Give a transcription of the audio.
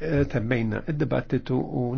Eh, temmejna id-dibattitu u